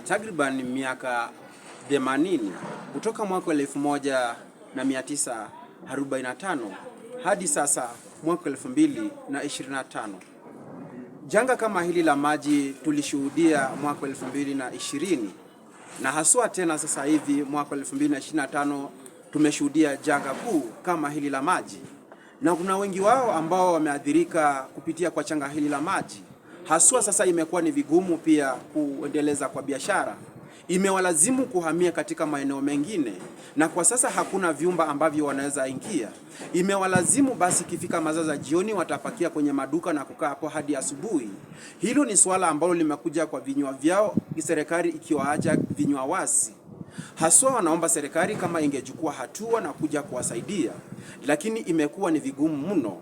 takriban miaka 80 kutoka mwaka wa 1945 hadi sasa mwaka 2025. Janga kama hili la maji tulishuhudia mwaka 2020 na haswa tena sasa hivi mwaka 2025 tumeshuhudia janga kuu kama hili la maji, na kuna wengi wao ambao wameathirika kupitia kwa janga hili la maji haswa sasa imekuwa ni vigumu pia kuendeleza kwa biashara. Imewalazimu kuhamia katika maeneo mengine, na kwa sasa hakuna vyumba ambavyo wanaweza ingia. Imewalazimu basi ikifika masaa za jioni watapakia kwenye maduka na kukaa hapo hadi asubuhi. Hilo ni suala ambalo limekuja kwa vinywa vyao, serikali ikiwaacha vinywa wasi haswa wanaomba serikali kama ingechukua hatua na kuja kuwasaidia, lakini imekuwa ni vigumu mno.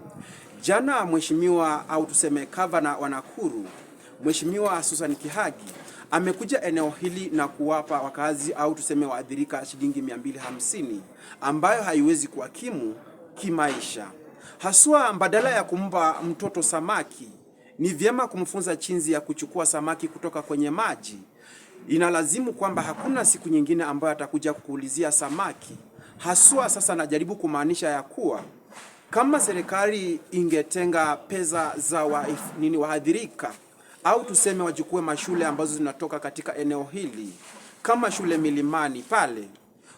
Jana mheshimiwa au tuseme gavana wa Nakuru Mheshimiwa Susan Kihagi amekuja eneo hili na kuwapa wakazi au tuseme waathirika shilingi 250 ambayo haiwezi kuwakimu kimaisha. Haswa badala ya kumpa mtoto samaki, ni vyema kumfunza chinzi ya kuchukua samaki kutoka kwenye maji. Inalazimu kwamba hakuna siku nyingine ambayo atakuja kukuulizia samaki. Haswa sasa najaribu kumaanisha ya kuwa kama serikali ingetenga pesa za wa, nini wahadhirika au tuseme wachukue mashule ambazo zinatoka katika eneo hili kama shule milimani pale,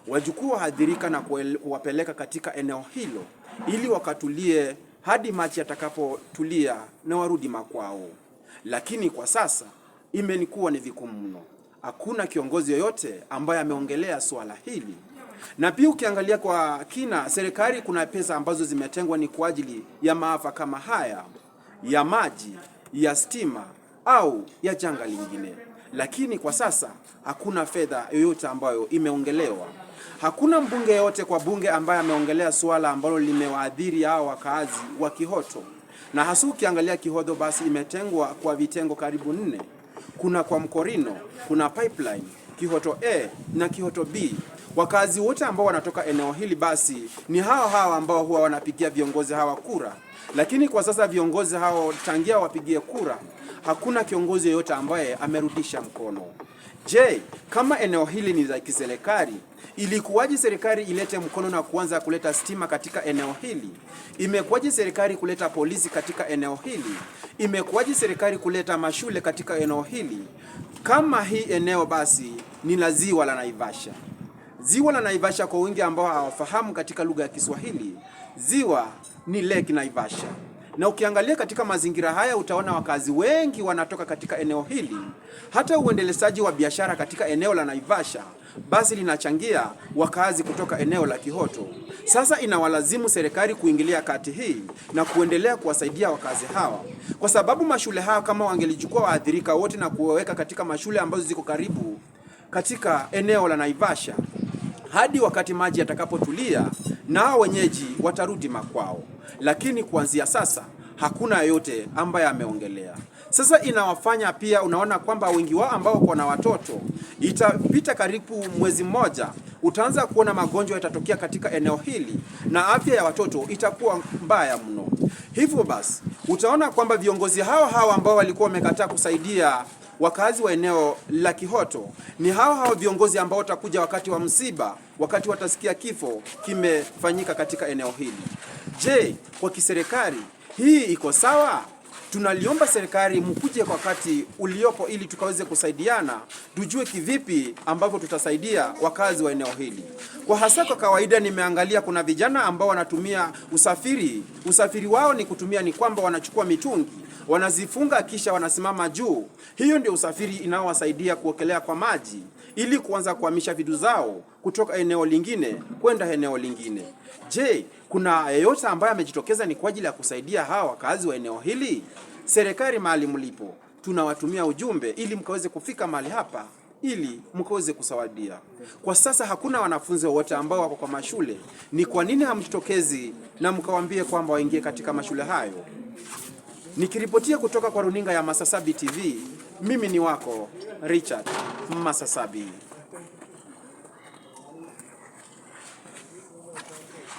wachukue wahadhirika na kuwapeleka katika eneo hilo ili wakatulie hadi machi yatakapotulia na warudi makwao. Lakini kwa sasa imenikuwa ni vikumu mno. Hakuna kiongozi yoyote ambaye ameongelea swala hili. Na pia ukiangalia kwa kina, serikali kuna pesa ambazo zimetengwa ni kwa ajili ya maafa kama haya ya maji, ya stima au ya janga lingine, lakini kwa sasa hakuna fedha yoyote ambayo imeongelewa. Hakuna mbunge yote kwa bunge ambaye ameongelea suala ambalo limewaadhiri hao wakaazi wa Kihoto, na hasa ukiangalia Kihoto basi imetengwa kwa vitengo karibu nne. Kuna kwa Mkorino, kuna pipeline Kihoto A na Kihoto B Wakazi wote ambao wanatoka eneo hili basi ni hawa hawa ambao huwa wanapigia viongozi hawa kura, lakini kwa sasa viongozi hao tangia wapigie kura, hakuna kiongozi yeyote ambaye amerudisha mkono. Je, kama eneo hili ni la kiserikali, ilikuwaje serikali ilete mkono na kuanza kuleta stima katika eneo hili? Imekuwaje serikali kuleta polisi katika eneo hili? Imekuwaje serikali kuleta mashule katika eneo hili? Kama hii eneo basi ni la ziwa la Naivasha. Ziwa la Naivasha kwa wengi ambao hawafahamu katika lugha ya Kiswahili, ziwa ni Lake Naivasha. Na ukiangalia katika mazingira haya utaona wakazi wengi wanatoka katika eneo hili. Hata uendelezaji wa biashara katika eneo la Naivasha basi linachangia wakazi kutoka eneo la Kihoto. Sasa inawalazimu serikali kuingilia kati hii na kuendelea kuwasaidia wakazi hawa, kwa sababu mashule haya kama wangelichukua waathirika wote na kuwaweka katika mashule ambazo ziko karibu katika eneo la Naivasha hadi wakati maji yatakapotulia, nao wenyeji watarudi makwao. Lakini kuanzia sasa hakuna yoyote ambaye ameongelea. Sasa inawafanya pia, unaona kwamba wengi wao ambao wako na watoto, itapita karibu mwezi mmoja, utaanza kuona magonjwa yatatokea katika eneo hili na afya ya watoto itakuwa mbaya mno. Hivyo basi utaona kwamba viongozi hao hao ambao walikuwa wamekataa kusaidia wakazi wa eneo la Kihoto ni hao hao viongozi ambao watakuja wakati wa msiba, wakati watasikia kifo kimefanyika katika eneo hili. Je, kwa kiserikali hii iko sawa? tunaliomba serikali mkuje kwa wakati uliopo ili tukaweze kusaidiana, tujue kivipi ambavyo tutasaidia wakazi wa eneo hili. Kwa hasa kwa kawaida, nimeangalia kuna vijana ambao wanatumia usafiri, usafiri wao ni kutumia ni kwamba wanachukua mitungi wanazifunga kisha wanasimama juu. Hiyo ndio usafiri inaowasaidia kuokelea kwa maji ili kuanza kuhamisha vitu zao kutoka eneo lingine kwenda eneo lingine. Je, kuna yeyote ambaye amejitokeza ni kwa ajili ya kusaidia hawa wakazi wa eneo hili? Serikali mahali mlipo, tunawatumia ujumbe ili mkaweze kufika mahali hapa ili mkaweze kusawadia. Kwa sasa hakuna wanafunzi wowote ambao wako kwa mashule. Ni kwa nini hamjitokezi na mkawaambie kwamba waingie katika mashule hayo? Nikiripotia kutoka kwa runinga ya Masasabi TV. Mimi ni wako Richard Masasabi.